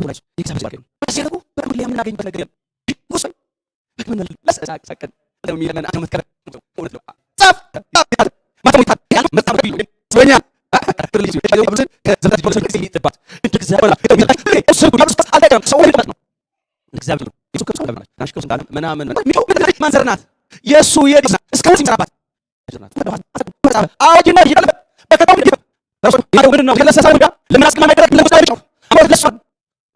ዝም ብሎ የእግዚአብሔር ሕዝብ አልገኙም። በዚህ ያደረጉ በቅዱስ የምናገኝበት ነገር የለም። ጉሶኝ ህክምና ለሰሳቀን ሚለመን አቶ መትከረ እውነት ነው ጻፍ ምናምን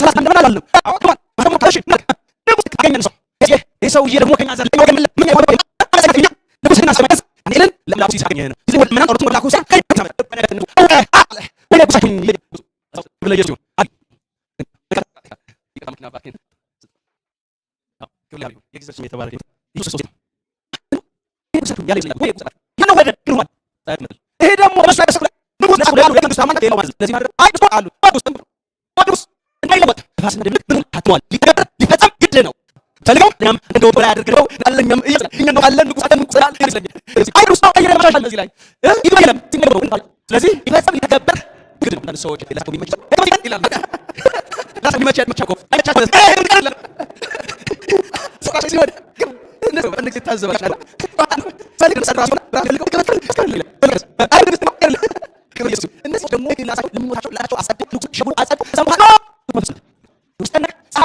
ይሄ ደግሞ ነፋስ እንደሚልክ ታትሟል። ሊገበር ሊፈጸም ግድ ነው። ፈልገው ለኛም እንደ ወራ ያድርገው ለኛም እኛ ነው አለን ንጉስ አለን ንጉስ አለን አይ ነው ሰው አይደለም ማለት ላይ ይባላል ትንገር ነው ስለዚህ ይፈጸም ሊተገበር ግድ ነው። ሰዎች ለሰው ቢመጭ ይላል ይላል ራስ ፈልገው ከመጥል ከመጥል ይላል አይ ነው ደግሞ ላሳቸው ለሞታቸው ላሳቸው አሳደግ ሸቡን አሳደግ ሰምሃ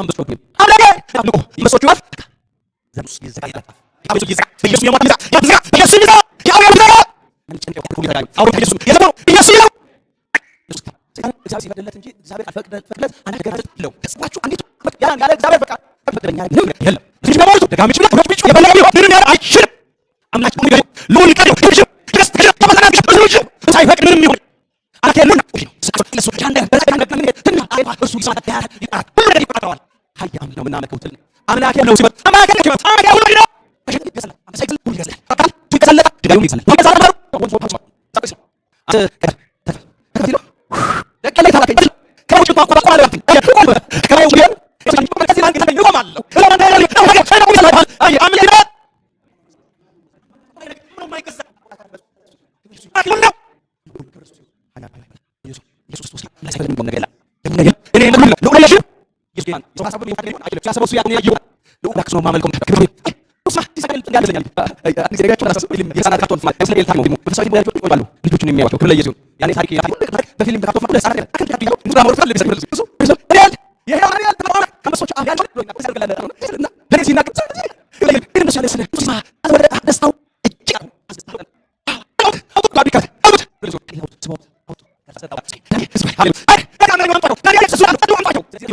አምስት ምንም ኃያል ነው የምናመልከው ትል አምላክ ያለው ሲባል አምላክ ነው ይገዛል። sia ni yo es mo ya ni ni film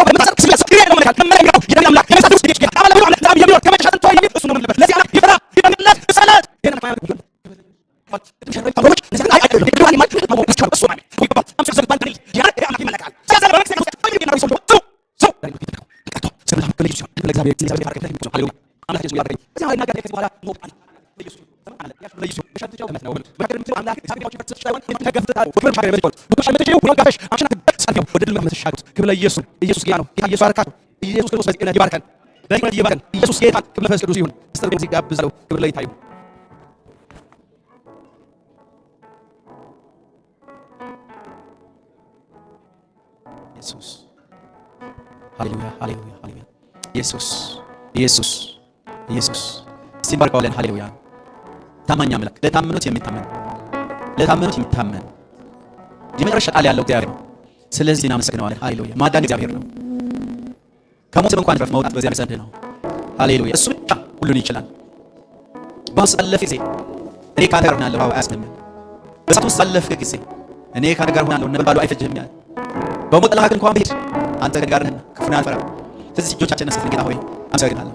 না ኢየሱስ ኢየሱስ ሃሌሉያ ሃሌሉያ ሃሌሉያ ኢየሱስ ኢየሱስ ኢየሱስ ሃሌሉያ ታማኝ አምላክ፣ ለታመኑት የሚታመን ለታመኑት የሚታመን የመጨረሻ ቃል ያለው እግዚአብሔር ነው። ስለዚህ እናመሰግነዋለን። ሃሌሉያ። ማዳን እግዚአብሔር ነው። ከሞት እንኳን ረፍ መውጣት በዚያ ዘንድ ነው። ሃሌሉያ። እሱ ብቻ ሁሉን ይችላል። በእሳት ባለፍክ ጊዜ እኔ ካንተ ጋር ሆናለሁ አያስብም። በእሳት ውስጥ ባለፍክ ጊዜ እኔ ካንተ ጋር ሆናለሁ ነበልባሉ አይፈጅህም ያለ በሞት ጥላ እንኳን ብሄድ አንተ ጋር ነህ፣ ክፉን አልፈራም። ስለዚህ እጆቻችንን ሰጥተን ጌታ ሆይ አመሰግናለሁ፣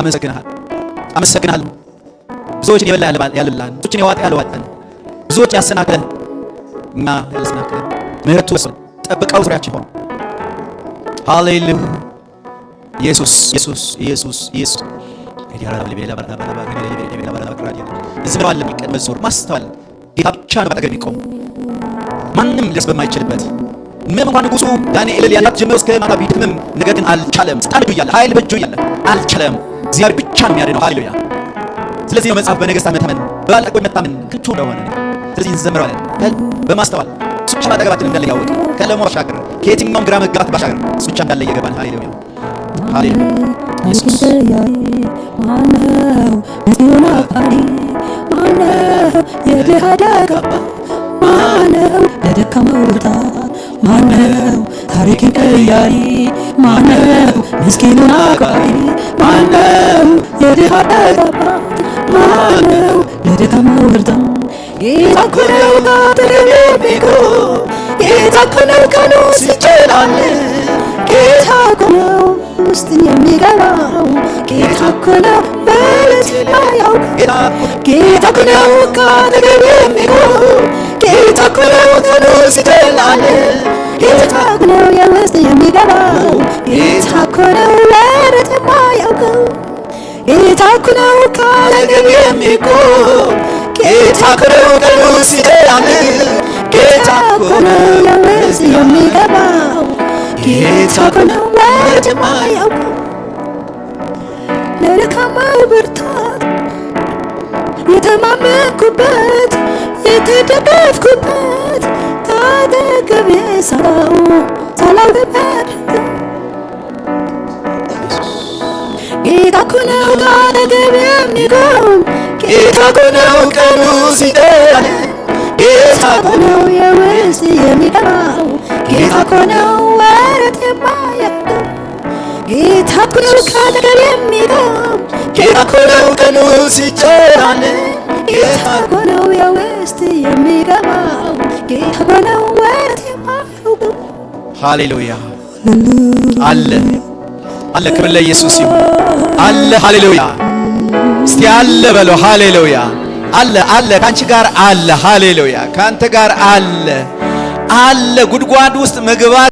አመሰግናለሁ፣ አመሰግናለሁ። ብዙዎችን የበላ ያለብላን፣ ብዙዎችን የዋጠ ያለዋጠን፣ ብዙዎች ያሰናክለን እኛ ተስናክለን ምሕረቱ በሰው ጠብቀው ዙሪያችን ሆኖ ሃሌሉያ ኢየሱስ ኢየሱስ ኢየሱስ ኢየሱስ እዚህ የሚቀድመ ዞር ማስተዋል ጌታ ብቻ ነው ባጠገብ የሚቆሙ ማንም ደስ በማይችልበት ምንም እንኳን ንጉሱ ዳንኤል ያላት ጀምሮ እስከ ማታ ቢደክምም ነገር ግን አልቻለም። ስልጣን በእጁ እያለ ኃይል በእጁ እያለ አልቻለም። እግዚአብሔር ብቻ ነው የሚያድነው። ሃሌሉያ። ስለዚህ ነው መጽሐፍ በነገሥታት መታመን በባለጠጎች መታመን ከንቱ እንደሆነ ስለዚህ እንዘምረዋለን በማስተዋል እሱ ብቻ አጠገባችን እንዳለ እያወቅን ከለሞ ባሻገር ከየትኛውም ግራ መጋባት ባሻገር እሱ ብቻ እንዳለ እየገባን ሃሌሉያ ሃሌሉያ ኢየሱስ ማነው የድሃ ደጋፊ ማነው ለደካማው ብርታት ጌታኮነው ካትልሜ ቢክሮ ጌታኮነው ቀኑ ሲጨላለን ጌታኮነው ውስጥን የሚገባው ጌታኮነው በለት ያው ጌታኮነው ካትልሜ ቢክሮ ጌታኮነው ቀኑ ሲጨላለን ጌታኮነው የውስጥ የሚገባው ጌታኮነው በለት የማያውቀው ጌታኮነው ካለግብ የሚቆም ጌታ ነው ቅዱስ ያምን ጌታ ነው ለውስጥ የሚገባው ጌታ ነው ወጀማ ያውቁ ለደካማው ብርታት የተማመንኩበት የተደገፍኩበት ታጠገቤ ሰራው ሰላው ነበር ጌታ እኮ ነው ካጠገቤ የሚቆም ጌታ እኮ ነው ቀኑ ሲጠራ፣ ጌታ እኮ ነው የሚጠራው፣ ጌታ እኮ ወረት የማያጣው፣ ጌታ እኮ ነው ከአጠገብ ጌታ እኮ ቀኑ ሲጨራን፣ ጌታ እኮ የውስጥ የሚገባው፣ ጌታ እኮ ወረት የማያውቀው። ሃሌሉያ አለ አለ፣ ክብር ለኢየሱስ ይሁን አለ ሃሌሉያ እስቲ አለ በለው። ሃሌሉያ አለ አለ፣ ካንቺ ጋር አለ። ሃሌሉያ ካንተ ጋር አለ አለ። ጉድጓድ ውስጥ መግባት